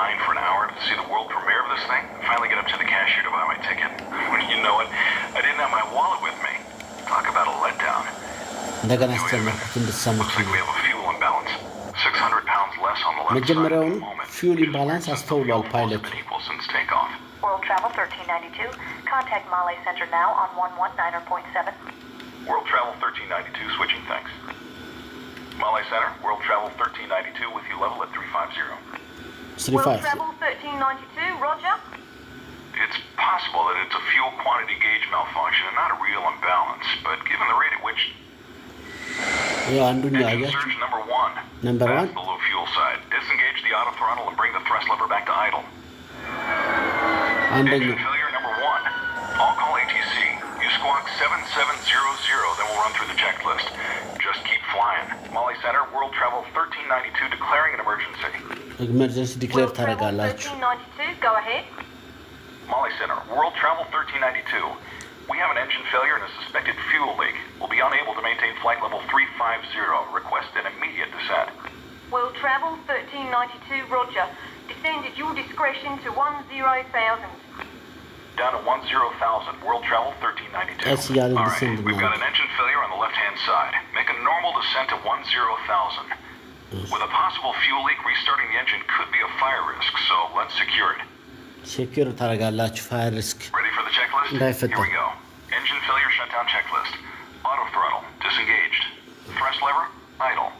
line for an hour to see the world premiere of this thing. finally get up to the cashier to buy my ticket. you know what? I didn't have my wallet with me. Talk about a letdown. Looks like we have a fuel imbalance. 600 pounds less on the መጀመሪያውን ፊውል ኢምባላንስ አስተውሏል ፓይለቱ World Travel 1392, contact Male Center now on 119.7. World Travel 1392, switching thanks. Male Center, World Travel 1392 with you level at 350. 35. Travel 1392, roger. It's possible that it's a fuel quantity gauge malfunction and not a real imbalance, but given the rate at which... Yeah, I'm doing that. Surge number one. Number one? Below fuel side. Disengage the auto throttle and bring the thrust lever back to idle. I'm Engine doing failure number one. I'll call ATC. You squawk 7700, then we'll run through the checklist. Just keep flying. Molly Center, World Travel 1392, declaring an emergency. ኢመርጀንሲ ዲክሌር ታደርጋላችሁ። Molly Center, World Travel 1392. We have an engine failure and a suspected fuel leak. We'll be unable to maintain flight level 350. Request an immediate descent. World Travel 1392, roger. discretion to Down to World Travel 1392. All right, we've got an engine failure on the left-hand side. Make a normal descent to with a possible fuel leak, restarting the engine could be a fire risk, so let's secure it. Secure Taragalach fire risk. Ready for the checklist? Life Here we go. Engine failure shutdown checklist. Auto throttle. Disengaged. Thrust lever? Idle.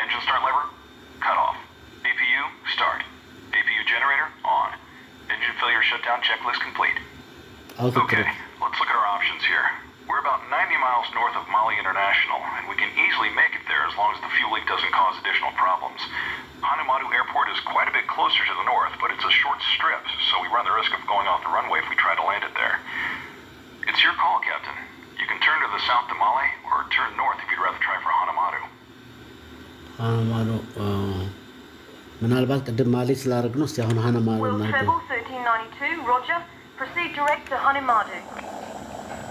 Engine start lever? Cut off. APU? Start. APU generator? On. Engine failure shutdown checklist complete. okay. Let's look at our options here. We're about 90 miles north of Mali International, and we can easily make as long as the fuel leak doesn't cause additional problems. Hanamaru Airport is quite a bit closer to the north, but it's a short strip, so we run the risk of going off the runway if we try to land it there. It's your call, Captain. You can turn to the south to Male, or turn north if you'd rather try for Hanamaru. Hanamaru, uh... ምናልባት ቅድም ማሌ ስላደረግነው እስቲ አሁን ሀነማሩ ናቸው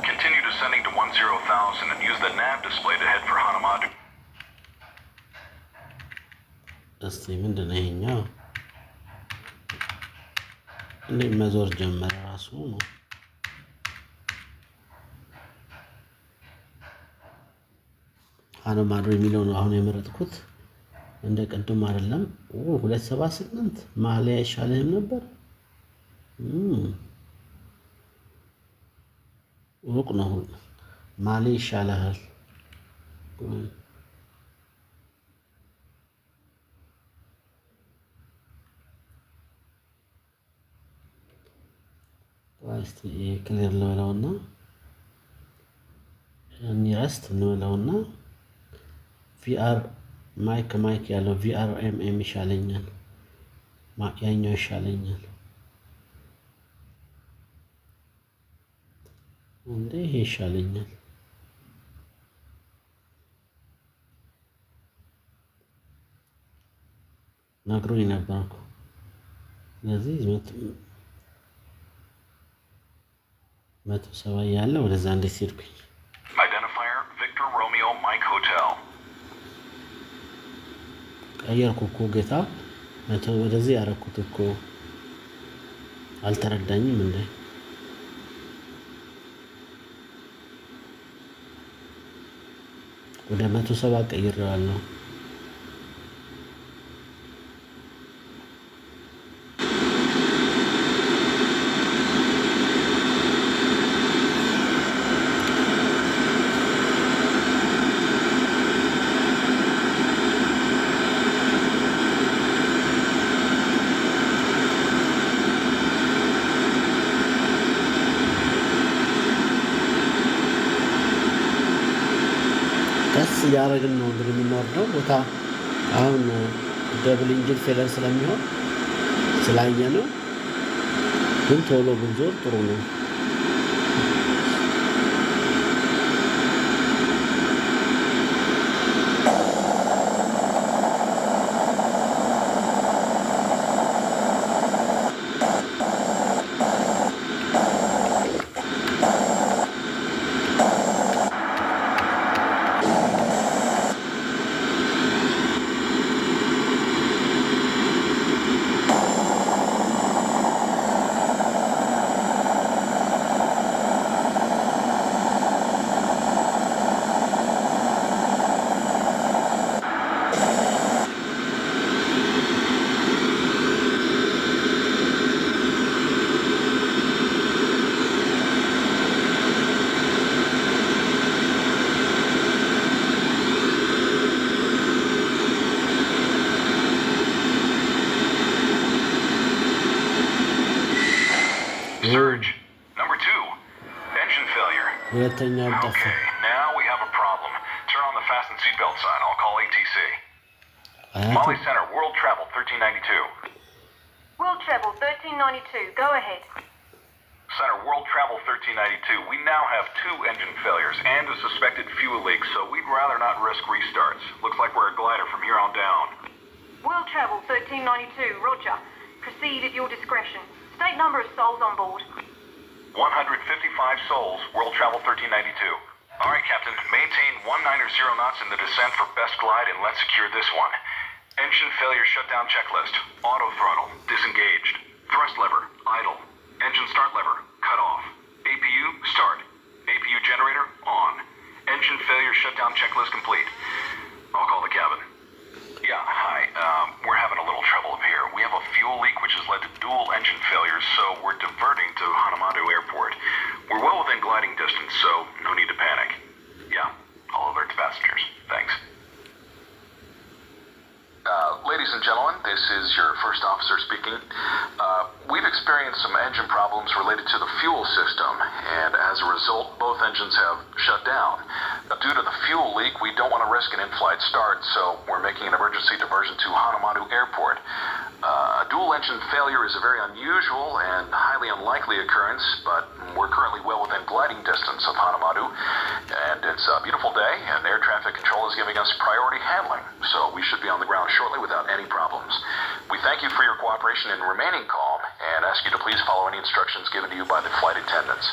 Continue descending to 10,000 and use the nav display to head for እስቲ ምንድን ነው ይሄኛው? እንዴ መዞር ጀመረ ራሱ ነው። አነማዶ የሚለው ነው አሁን የመረጥኩት። እንደ ቅድም አይደለም። ሁለት ሰባ ስምንት ማሊያ አይሻልህም ነበር? ሩቅ ነው። ማሌ ይሻልሃል። ራስት ክሊር ልበለውና ኒረስት እንበለውና ቪአር ማይክ ማይክ ያለው ቪአር ኤም ኤም ይሻለኛል፣ ያኛው ይሻለኛል። እንዴ ይሄ ይሻለኛል። ነግሮኝ ነበርኩ። ስለዚህ መቶ ሰባ እያለ ወደዛ እንዴት ሄድኩኝ? ቀየርኩ እኮ ጌታ መቶ ወደዚህ ያረኩት እኮ አልተረዳኝም እንደ ወደ መቶ ሰባ ቀይሬዋለሁ። እያደረግን ነው እንግዲህ የምንወርደው ቦታ አሁን ደብል ኢንጂን ፌለር ስለሚሆን ስላየ ነው። ግን ቶሎ ብንዞር ጥሩ ነው። Now we have a problem. Turn on the fasten seatbelt sign. I'll call ATC. Molly Center, World Travel 1392. World Travel 1392, go ahead. Center, World Travel 1392, we now have two engine failures and a suspected fuel leak, so we'd rather not risk restarts. Looks like we're a glider from here on down. World Travel 1392, roger. Proceed at your discretion. State number of souls on board. 155 souls, world travel 1392. All right, Captain, maintain 190 knots in the descent for best glide and let's secure this one. Engine failure shutdown checklist. Auto throttle, disengaged. Thrust lever, idle. Engine start lever, cut off. APU, start. APU generator, on. Engine failure shutdown checklist complete. I'll call the cabin. Yeah, hi. Um, we're having of a fuel leak, which has led to dual engine failures, so we're diverting to Hanamadu Airport. We're well within gliding distance, so no need to panic. Yeah, all alert passengers. Thanks. Uh, ladies and gentlemen, this is your first officer speaking. Uh, we've experienced some engine problems related to the fuel system, and as a result, both engines have shut down. Uh, due to the fuel leak, we don't want to risk an in-flight start, so we're making an emergency diversion to Hanamadu Airport. Uh, a dual engine failure is a very unusual and highly unlikely occurrence, but we're currently well within gliding distance of Hanamadu, and it's a beautiful day, and air traffic control is giving us priority handling, so we should be on the ground shortly without any problems. We thank you for your cooperation in remaining calm and ask you to please follow any instructions given to you by the flight attendants.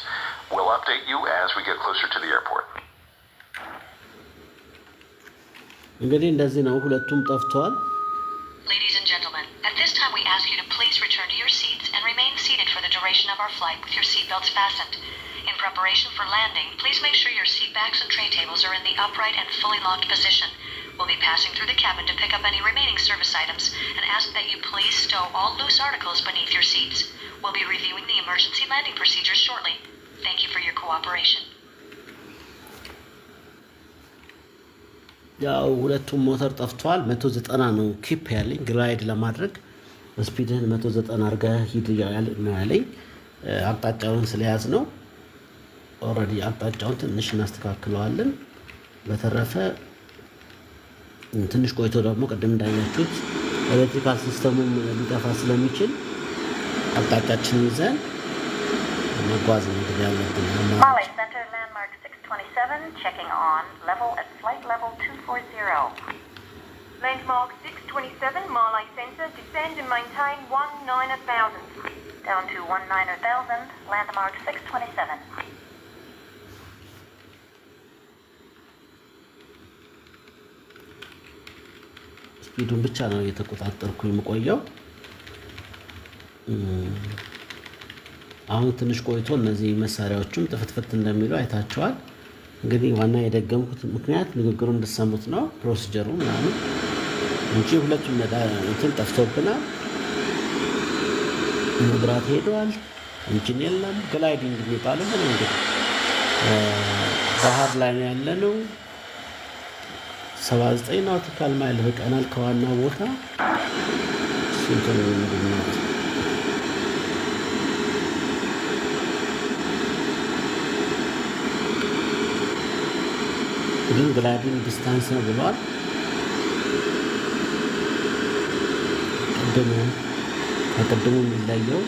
We'll update you as we get closer to the airport. Ladies and gentlemen. duration of our flight with your seatbelts fastened. In preparation for landing, please make sure your seat backs and tray tables are in the upright and fully locked position. We'll be passing through the cabin to pick up any remaining service items and ask that you please stow all loose articles beneath your seats. We'll be reviewing the emergency landing procedures shortly. Thank you for your cooperation. ያው ሁለቱም ሞተር ጠፍቷል። ነው ኪፕ ያለኝ ለማድረግ ስፒድህን 190 ዘጠና አድርገህ ሂድ ያል ነው ያለኝ። አቅጣጫውን ስለያዝ ነው ኦልሬዲ አቅጣጫውን ትንሽ እናስተካክለዋለን። በተረፈ ትንሽ ቆይቶ ደግሞ ቅድም እንዳያችሁት ኤሌክትሪካል ሲስተሙም ሊጠፋ ስለሚችል አቅጣጫችን ይዘን መጓዝ እንግዲህ ያለብን Landmark 627, Marley Center, descend and maintain 19000. Down to 19000, Landmark 627. ስፒዱን ብቻ ነው እየተቆጣጠርኩ የምቆየው። አሁን ትንሽ ቆይቶ እነዚህ መሳሪያዎችም ጥፍትፍት እንደሚሉ አይታቸዋል። እንግዲህ ዋና የደገምኩት ምክንያት ንግግሩ እንድሰሙት ነው። ፕሮሲጀሩ ምናምን እንጂ ሁለቱም እንትን ጠፍቶብናል። መብራት ሄደዋል። እንጂን የለም። ግላይዲንግ የሚባለው ምን እንግዲህ ባህር ላይ ነው ያለ ያለነው። 79 ናውቲካል ማይል ርቀናል ከዋና ቦታ ግን ግላይዲንግ ዲስታንስ ነው ብለዋል። ቅድሙ ከቅድሙ የሚለየው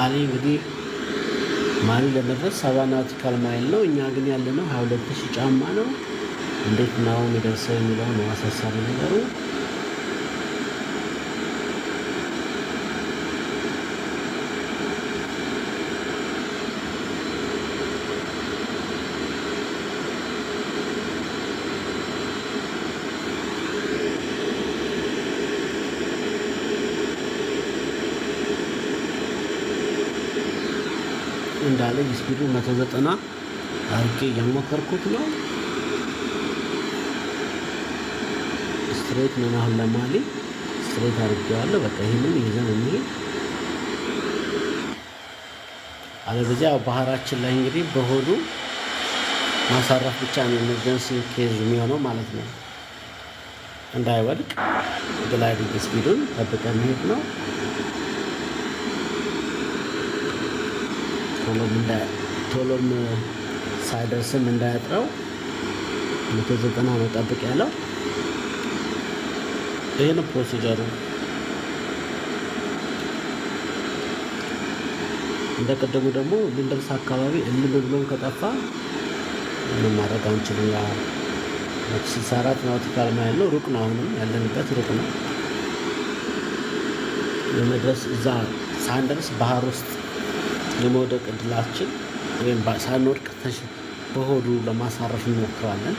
ዛሬ እንግዲህ ማሊ ለመድረስ ሰባ ናውቲካል ማይል ነው። እኛ ግን ያለነው ሀያ ሁለት ሺህ ጫማ ነው። እንዴት ነው የሚደርሰው የሚለው ነው አሳሳቢ ነገሩ። እንግዲህ መቶ ዘጠና አርጌ እያሞከርኩት ነው። ስትሬት ነው አሁን ለማሊ ስትሬት አድርጌዋለሁ። በቃ ይህንን ይዘን እንሄድ። አለበዚያ ባህራችን ላይ እንግዲህ በሆዱ ማሳረፍ ብቻ ነው ኤመርጀንሲ ኬዝ የሚሆነው ማለት ነው። እንዳይወድቅ ግላይዲንግ ስፒዱን ጠብቀ መሄድ ነው ቶሎም እንዳይ ቶሎም ሳይደርስም እንዳያጥረው 190 ዘጠና ነው ጠብቅ ያለው። ይህን ፕሮሲጀሩ። እንደ ቅድሙ ደግሞ ልንደርስ አካባቢ እልም ብሎም ከጠፋ ምንም ማድረግ አንችልም። ያ 64 ናውቲካል ማይል ነው። ሩቅ ነው። አሁንም ያለንበት ሩቅ ነው። የመድረስ እዛ ሳንደርስ ባህር ውስጥ የመውደቅ እድላችን ወይም ሳንወድቅ በሆዱ ለማሳረፍ እንሞክራለን።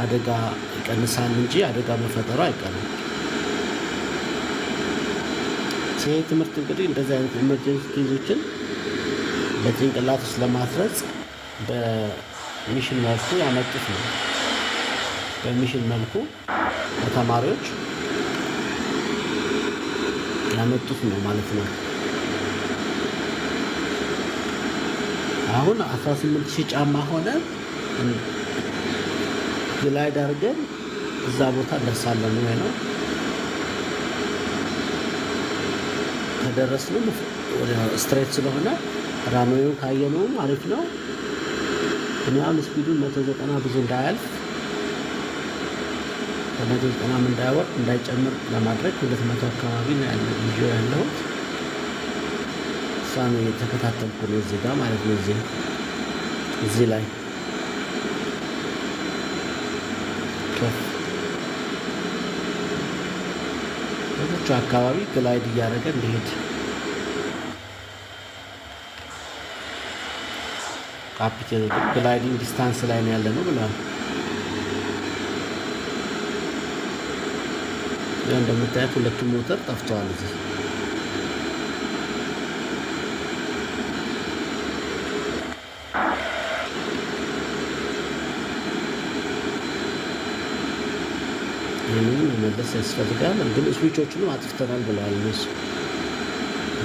አደጋ ይቀንሳል እንጂ አደጋ መፈጠሩ አይቀርም። ይህ ትምህርት እንግዲህ እንደዚህ አይነት ኤመርጀንሲ ኬዞችን በጭንቅላት ውስጥ ለማስረጽ በሚሽን መልኩ ያመጡት ነው። በሚሽን መልኩ ለተማሪዎች ያመጡት ነው ማለት ነው። አሁን 18 ሺህ ጫማ ሆነ ግላይድ ዳርገን እዛ ቦታ ደርሳለን ወይ ነው ከደረስንም ስትሬት ስለሆነ ራንዌውን ካየነውም አሪፍ ነው። እኔ አሁን ስፒዱን ብዙ እንዳያልፍ ከ190 እንዳይወርድ እንዳይጨምር ለማድረግ 200 አካባቢ ነው ያለው ያለሁት። ነው የተከታተልኩ ነው እዚህ ጋር ማለት ነው። እዚህ እዚህ ላይ ቹ አካባቢ ግላይድ እያደረገ እንዲሄድ ካፒቴል ግላይዲንግ ዲስታንስ ላይ ነው ያለ ነው ብለዋል። እንደምታያት ሁለቱም ሞተር ጠፍተዋል እዚህ ኢኮኖሚ መመለስ ያስፈልጋል። ግን ስዊቾቹንም አጥፍተናል ብለዋል እነሱ።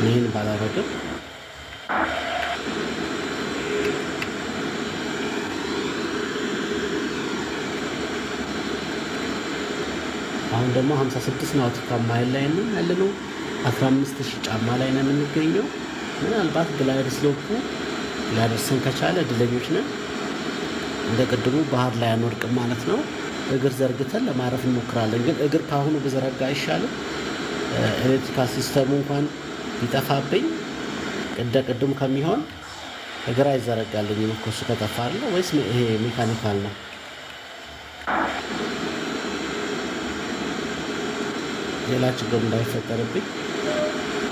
ይህን ባላረግም አሁን ደግሞ 56 ናውቲካ ማይል ላይ ነው 15 ሺህ ጫማ ላይ ነው የምንገኘው። ምናልባት ግላይድ ስሎፑ ሊያደርሰን ከቻለ እድለኞች ነን። እንደ ቅድሙ ባህር ላይ አንወድቅም ማለት ነው። እግር ዘርግተን ለማረፍ እንሞክራለን። ግን እግር ከአሁኑ ብዘረጋ አይሻልም? ኤሌክትሪካል ሲስተሙ እንኳን ቢጠፋብኝ እንደ ቅድም ከሚሆን እግር አይዘረጋልኝ እኮ እሱ ከጠፋ አለ ወይስ ይሄ ሜካኒካል ነው? ሌላ ችግር እንዳይፈጠርብኝ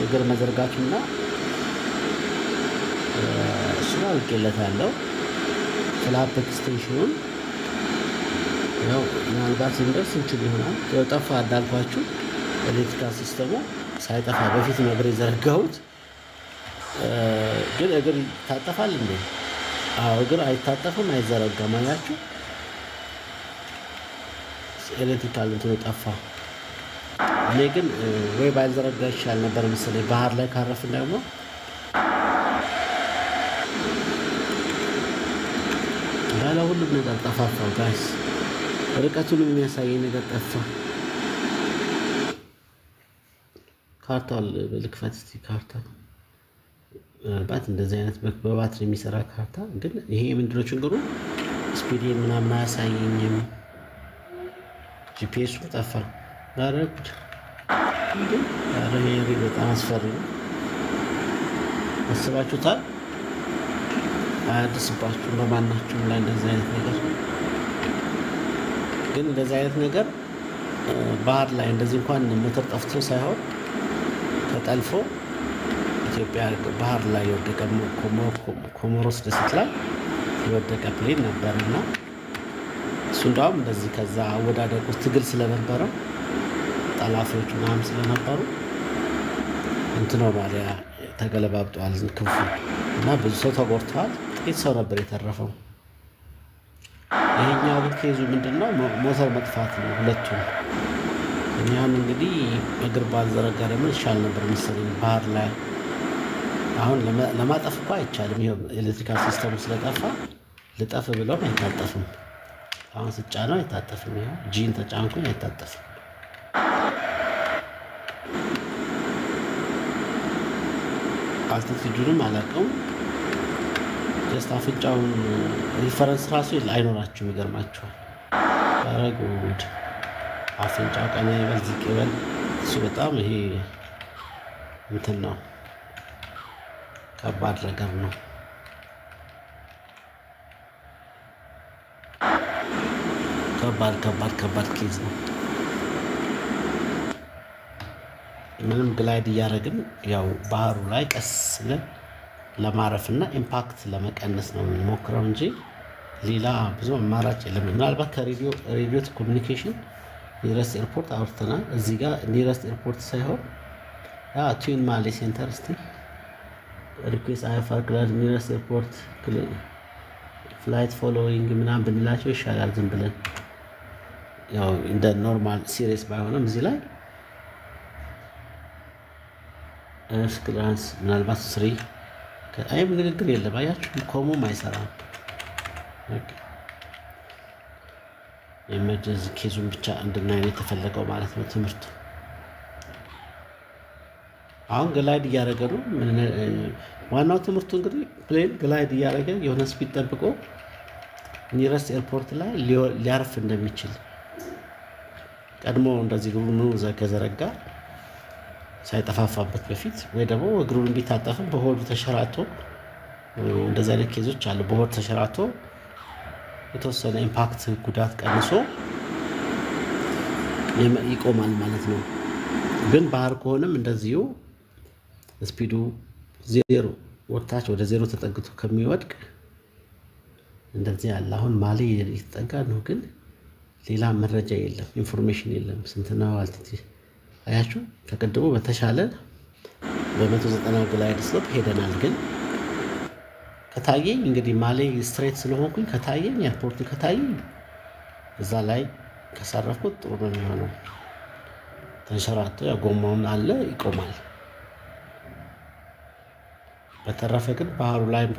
እግር መዘርጋቱና እሱን አውቄለታለሁ። ስለ ሀፕ ኤክስቴንሽኑን ያው ምናልባት ስንደርስ እንችል ይሆናል። ጠፋ እንዳልኳችሁ ኤሌክትሪካል ሲስተሙ ሳይጠፋ በፊት ነበር የዘረጋሁት። ግን እግር ይታጠፋል እንዴ? አዎ እግር አይታጠፍም፣ አይዘረጋም። አያችሁ ኤሌክትሪካል እንትኑ ጠፋ። እኔ ግን ወይ ባይዘረጋ ይሻል ነበር መሰለኝ። ባህር ላይ ካረፍን ደግሞ ባለ ሁሉም ነገር ጠፋፋው ጋይስ ርቀቱን የሚያሳይ ነገር ጠፋ። ካርታል በልክፈት ስ ካርታ ምናልባት እንደዚህ አይነት በባትሪ የሚሰራ ካርታ ግን ይሄ የምንድነው ችግሩ? ስፒድ ምናምን አያሳየኝም። ጂፒኤሱ ጠፋ። ዳረጉድ ረሄሪ በጣም አስፈሪ ነው። አስባችሁታል? አያድስባችሁም በማናችሁም ላይ እንደዚህ አይነት ነገር ግን እንደዚህ አይነት ነገር ባህር ላይ እንደዚህ እንኳን ሞተር ጠፍቶ ሳይሆን ተጠልፎ ኢትዮጵያ ባህር ላይ የወደቀ ኮሞሮስ ደሴት ላይ የወደቀ ፕሌን ነበር እና እሱ እንዳውም እንደዚህ ከዛ አወዳደቁ ትግል ስለነበረ ጠላፊዎች ምናምን ስለነበሩ እንትኖ ማሊያ ተገለባብጠዋል ክንፉ እና ብዙ ሰው ተጎድተዋል። ጥቂት ሰው ነበር የተረፈው። ይሄኛው ኬዙ ምንድን ነው? ሞተር መጥፋት ነው ሁለቱ እኛም እንግዲህ እግር ባልዘረጋ ደግሞ ይሻል ነበር መሰለኝ ባህር ላይ። አሁን ለማጠፍ እኮ አይቻልም። ይኸው ኤሌክትሪካል ሲስተሙ ስለጠፋ ልጠፍ ብለውም አይታጠፍም። አሁን ስጫነው አይታጠፍም። ይኸው ጂን ተጫንኩኝ አይታጠፍም። አልቲቲዩዱንም አላውቀውም። ጀስት አፍንጫውን ሪፈረንስ ራሱ አይኖራቸው ይገርማቸዋል። ረጉድ አፍንጫ ቀን ይበል ዝቅ ይበል። እሱ በጣም ይሄ እንትን ነው፣ ከባድ ነገር ነው። ከባድ ከባድ ከባድ ኬዝ ነው። ምንም ግላይድ እያደረግን ያው ባህሩ ላይ ቀስ ብለን ለማረፍና ኢምፓክት ለመቀነስ ነው የሚሞክረው እንጂ ሌላ ብዙ አማራጭ የለም። ምናልባት ከሬዲዮ ኮሚኒኬሽን ኒረስት ኤርፖርት አውርተናል። እዚህ ጋር ኒረስት ኤርፖርት ሳይሆን ቲዩን ማሌ ሴንተር ስ ሪኩዌስት አይፋር ክላድ ኒረስት ኤርፖርት ፍላይት ፎሎዊንግ ምናምን ብንላቸው ይሻላል። ዝም ብለን ያው እንደ ኖርማል ሲሪየስ ባይሆንም እዚህ ላይ ስክላንስ ምናልባት ስሪ አይም ንግግር የለም። አያችሁ ኮሙም አይሰራም። የመደዝ ኬዙን ብቻ እንድናይ የተፈለገው ማለት ነው። ትምህርት አሁን ግላይድ እያደረገ ነው። ዋናው ትምህርቱ እንግዲህ ፕሌን ግላይድ እያደረገ የሆነ ስፒድ ጠብቆ ኒረስት ኤርፖርት ላይ ሊያርፍ እንደሚችል ቀድሞ እንደዚህ ከዘረጋ ሳይጠፋፋበት በፊት ወይ ደግሞ እግሩን ቢታጠፍም በሆዱ ተሸራቶ እንደዚህ አይነት ኬዞች አሉ። በሆድ ተሸራቶ የተወሰነ ኢምፓክት ጉዳት ቀንሶ ይቆማል ማለት ነው። ግን ባህር ከሆነም እንደዚሁ ስፒዱ ዜሮ ወታች ወደ ዜሮ ተጠግቶ ከሚወድቅ እንደዚህ ያለ አሁን ማሌ የተጠጋ ነው። ግን ሌላ መረጃ የለም፣ ኢንፎርሜሽን የለም። ስንት ነው አልቲቲ አያችሁ ከቅድሙ በተሻለ በ190 ግላይድ ስሎፕ ሄደናል። ግን ከታየኝ እንግዲህ ማሌ ስትሬት ስለሆንኩኝ ከታየኝ ኤርፖርቱ ከታየኝ እዛ ላይ ከሰረፍኩት ጥሩ ነው የሚሆነው። ተንሸራቶ ያጎማውን አለ ይቆማል። በተረፈ ግን ባህሩ ላይም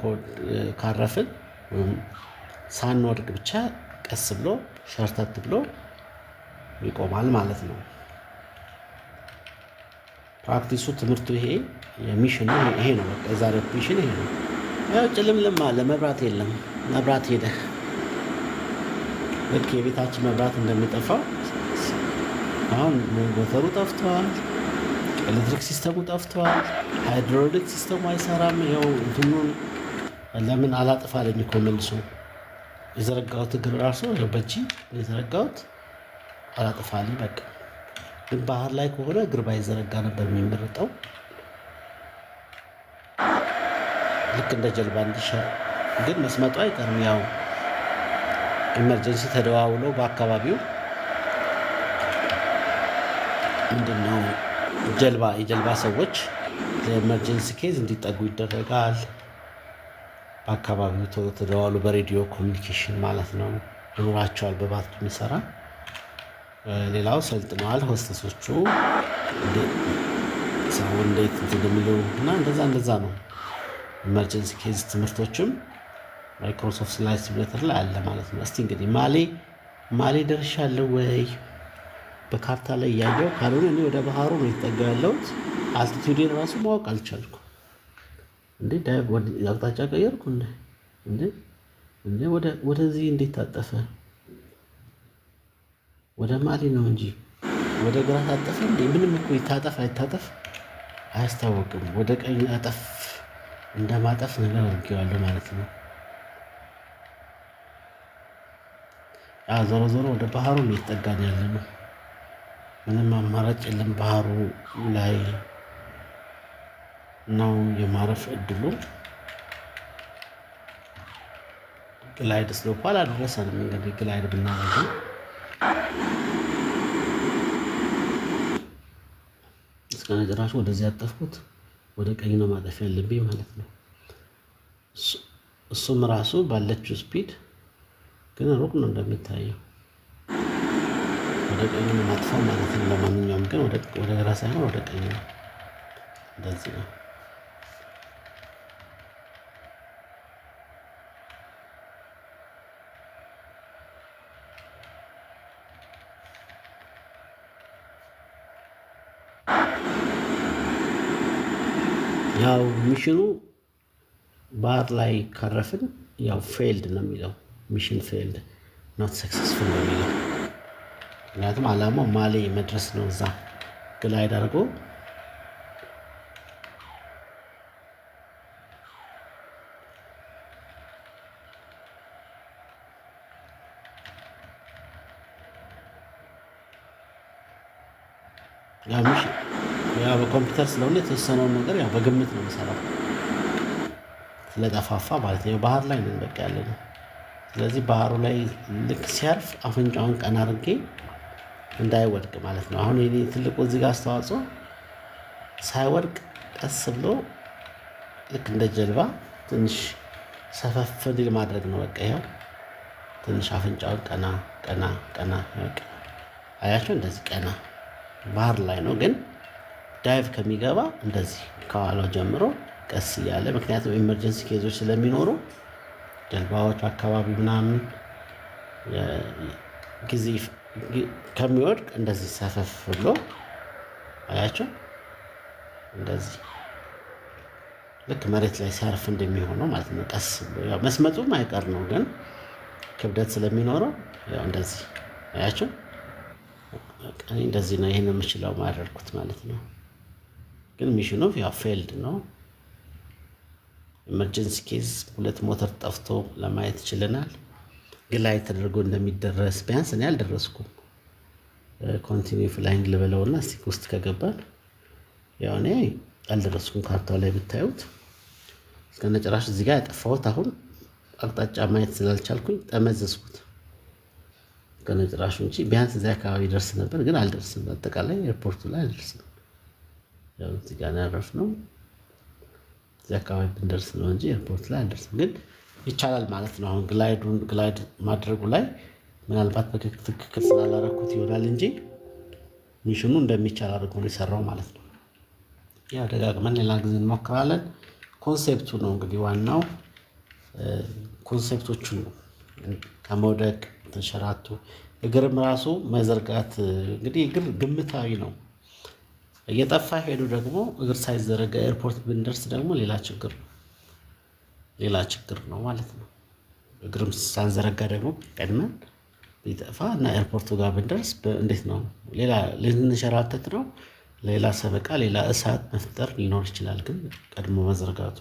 ካረፍን ሳንወድቅ ብቻ ቀስ ብሎ ሸርተት ብሎ ይቆማል ማለት ነው። ፕራክቲሱ ትምህርቱ ይሄ የሚሽኑ ይሄ ነው። የዛሬ ሚሽን ይሄ ነው። ያው ጭልምልም አለ፣ መብራት የለም። መብራት ሄደ። ልክ የቤታችን መብራት እንደሚጠፋው አሁን ሞተሩ ጠፍተዋል፣ ኤሌክትሪክ ሲስተሙ ጠፍተዋል ሃይድሮሊክ ሲስተሙ አይሰራም። ያው እንትኑን ለምን አላጥፋለኝ እኮ መልሶ የዘረጋሁት እግር ራሱ በእጅ የዘረጋሁት አላጥፋለኝ በቃ ባህር ላይ ከሆነ እግር ባይዘረጋ ነበር የሚመረጠው። ልክ እንደ ጀልባ እንዲሻ ግን መስመጡ አይቀርም። ያው ኢመርጀንሲ ተደዋውሎ በአካባቢው ምንድነው ጀልባ የጀልባ ሰዎች ለኤመርጀንሲ ኬዝ እንዲጠጉ ይደረጋል። በአካባቢው ተደዋሉ በሬዲዮ ኮሚኒኬሽን ማለት ነው ይኖራቸዋል በባት የሚሰራ ሌላው ሰልጥነዋል ሆስተሶቹ ሰው እንዴት እንደሚሉ እና እንደዛ እንደዛ ነው። ኢመርጀንሲ ኬዝ ትምህርቶችም ማይክሮሶፍት ፍላይት ሲሙሌተር ላይ አለ ማለት ነው። እስቲ እንግዲህ ማሌ ማሌ ደርሻ አለ ወይ በካርታ ላይ እያየው ካልሆነ እኔ ወደ ባህሩ ነው የተጠጋ ያለሁት። አልቲቱዴን ራሱ ማወቅ አልቻልኩ። እንዴ አቅጣጫ ቀየርኩ እንዴ እንዴ ወደዚህ እንዴት ታጠፈ ወደ ማሪ ነው እንጂ ወደ ግራ ታጠፍ እንዴ? ምንም እኮ ይታጠፍ አይታጠፍ አያስታወቅም። ወደ ቀኝ አጠፍ እንደ ማጠፍ ነገር አድርጌዋለሁ ማለት ነው። ዞሮ ዞሮ ወደ ባህሩ እየተጠጋን ያለ ነው። ምንም አማራጭ የለም። ባህሩ ላይ ነው የማረፍ እድሉ። ግላይድ ስሎፕ አላደረሰንም። እንግዲህ ግላይድ ብናረግም እስከነገ ራሱ ወደዚህ ያጠፍኩት ወደ ቀኝ ነው ማጠፍ ያለብኝ ማለት ነው። እሱም ራሱ ባለችው ስፒድ ግን ሩቅ ነው እንደሚታየው ወደ ቀኝ ነው ማጥፋው ማለት ነው። ለማንኛውም ግን ወደ ግራ ሳይሆን ወደ ቀኝ ነው። እንደዚህ ነው። ያው ሚሽኑ ባህር ላይ ካረፍን ያው ፌልድ ነው የሚለው ሚሽን ፌልድ ኖት ሰክሰስፉል ነው የሚለው ምክንያቱም አላማው ማሌ መድረስ ነው። እዛ ግላይድ አድርጎ ዶክተር ስለሆነ የተወሰነውን ነገር ያው በግምት ነው የምሰራው። ስለጠፋፋ ማለት ነው። ባህር ላይ ነው በቃ ያለ ነው። ስለዚህ ባህሩ ላይ ልክ ሲያርፍ አፍንጫውን ቀና አድርጌ እንዳይወድቅ ማለት ነው። አሁን የኔ ትልቁ እዚህ ጋር አስተዋጽኦ ሳይወድቅ ቀስ ብሎ ልክ እንደ ጀልባ ትንሽ ሰፈፍ እንዲል ማድረግ ነው። በቃ ይኸው ትንሽ አፍንጫውን ቀና ቀና ቀና። አያቸው እንደዚህ ቀና ባህር ላይ ነው ግን ዳይቭ ከሚገባ እንደዚህ ከኋላው ጀምሮ ቀስ እያለ ምክንያቱም ኤመርጀንሲ ኬዞች ስለሚኖሩ ጀልባዎች አካባቢ ምናምን ጊዜ ከሚወድቅ እንደዚህ ሰፈፍ ብሎ አያቸው። እንደዚህ ልክ መሬት ላይ ሲያርፍ እንደሚሆነው ማለት ነው። ቀስ መስመጡ መስመጡም አይቀር ነው፣ ግን ክብደት ስለሚኖረው እንደዚህ አያቸው። እንደዚህ ነው። ይህን የምችለው ማደርኩት ማለት ነው። ግን ሚሽኑ ያው ፌልድ ነው። ኤመርጀንሲ ኬዝ ሁለት ሞተር ጠፍቶ ለማየት ችለናል። ግላይ ተደርጎ እንደሚደረስ ቢያንስ እኔ አልደረስኩም። ኮንቲኒ ፍላይንግ ልበለውና ስቲክ ውስጥ ከገባን ያው እኔ አልደረስኩም። ካርታ ላይ ብታዩት ነጭራሽ እዚህ ጋር ያጠፋሁት አሁን አቅጣጫ ማየት ስላልቻልኩኝ ጠመዘዝኩት እስከነጭራሹ እንጂ ቢያንስ እዚያ አካባቢ ደርስ ነበር፣ ግን አልደርስም። አጠቃላይ ኤርፖርቱ ላይ አልደርስም። ያው እዚህ ጋር ነው። እዚህ አካባቢ ብንደርስ ነው እንጂ ኤርፖርት ላይ አንደርስም፣ ግን ይቻላል ማለት ነው። አሁን ግላይዱን ግላይድ ማድረጉ ላይ ምናልባት በትክክል ስላላረኩት ይሆናል እንጂ ሚሽኑ እንደሚቻል አድርጎ ነው የሰራው ማለት ነው። ያው ደጋግመን ሌላ ጊዜ እንሞክራለን። ኮንሴፕቱ ነው እንግዲህ ዋናው ኮንሴፕቶቹ ነው ከመውደቅ ተንሸራቱ እግርም ራሱ መዘርጋት እንግዲህ እግር ግምታዊ ነው። እየጠፋ ሄዱ። ደግሞ እግር ሳይዘረጋ ኤርፖርት ብንደርስ ደግሞ ሌላ ችግር ነው፣ ሌላ ችግር ነው ማለት ነው። እግርም ሳንዘረጋ ደግሞ ቀድመን ቢጠፋ እና ኤርፖርቱ ጋር ብንደርስ እንዴት ነው? ሌላ ልንሸራተት ነው፣ ሌላ ሰበቃ፣ ሌላ እሳት መፍጠር ሊኖር ይችላል። ግን ቀድሞ መዘርጋቱ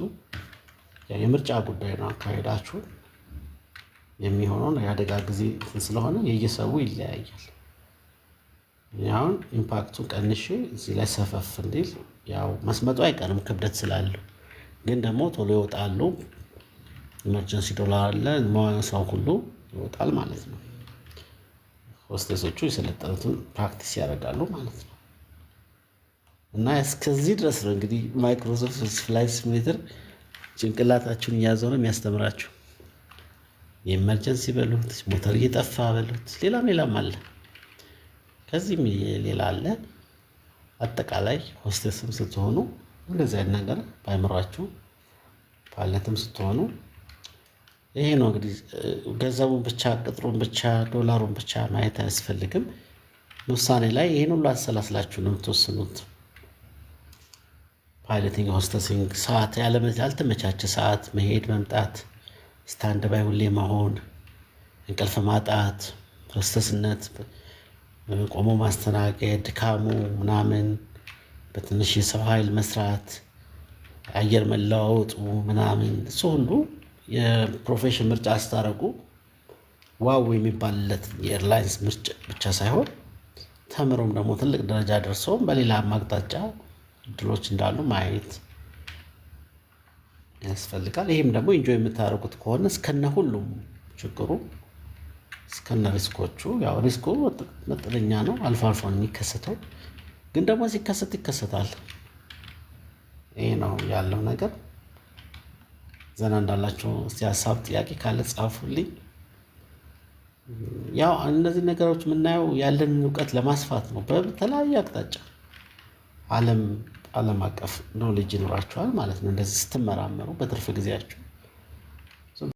የምርጫ ጉዳይ ነው። አካሄዳችሁ የሚሆነውን የአደጋ ጊዜ ስለሆነ የየሰው ይለያያል። አሁን ኢምፓክቱን ቀንሼ እዚህ ላይ ሰፈፍ እንዲል ያው መስመጡ አይቀርም ክብደት ስላለው፣ ግን ደግሞ ቶሎ ይወጣሉ። ኢመርጀንሲ ዶላር አለ ሰው ሁሉ ይወጣል ማለት ነው። ሆስቴሶቹ የሰለጠኑትን ፕራክቲስ ያደርጋሉ ማለት ነው። እና እስከዚህ ድረስ ነው እንግዲህ ማይክሮሶፍት ፍላይት ሲሙሌተር ጭንቅላታችሁን እያዘው ነው የሚያስተምራችሁ። የኢመርጀንሲ በሉት ሞተር እየጠፋ በሉት ሌላም ሌላም አለ። ከዚህም ሌላ አለ። አጠቃላይ ሆስቴስም ስትሆኑ እንደዚህ አይነት ነገር ባይምሯችሁ፣ ባልነትም ስትሆኑ ይሄ ነው እንግዲህ። ገንዘቡን ብቻ ቅጥሩን ብቻ ዶላሩን ብቻ ማየት አያስፈልግም። ውሳኔ ላይ ይህን ሁሉ አሰላስላችሁ ነው የምትወስኑት። ፓይለቲንግ ሆስተሲንግ ሰዓት ያልተመቻቸ ሰዓት መሄድ መምጣት፣ ስታንድ ባይ ሁሌ መሆን፣ እንቅልፍ ማጣት፣ ሆስተስነት ቆሞ ማስተናገድ ድካሙ ምናምን በትንሽ የሰው ኃይል መስራት አየር መለዋወጡ ምናምን እሱ ሁሉ የፕሮፌሽን ምርጫ ስታደርጉ ዋው የሚባልለት የኤርላይንስ ምርጫ ብቻ ሳይሆን ተምሮም ደግሞ ትልቅ ደረጃ ደርሰውም በሌላ አቅጣጫ እድሎች እንዳሉ ማየት ያስፈልጋል። ይህም ደግሞ ኢንጆይ የምታደርጉት ከሆነ እስከነ ሁሉም ችግሩ እስከነ ሪስኮቹ ያው ሪስኩ መጠነኛ ነው፣ አልፎ አልፎ ነው የሚከሰተው፣ ግን ደግሞ ሲከሰት ይከሰታል። ይህ ነው ያለው ነገር። ዘና እንዳላቸው እስቲ ሀሳብ ጥያቄ ካለ ጻፉልኝ። ያው እነዚህ ነገሮች የምናየው ያለንን እውቀት ለማስፋት ነው፣ በተለያየ አቅጣጫ ዓለም ዓለም አቀፍ ኖሌጅ ይኖራቸዋል ማለት ነው። እንደዚህ ስትመራመሩ በትርፍ ጊዜያቸው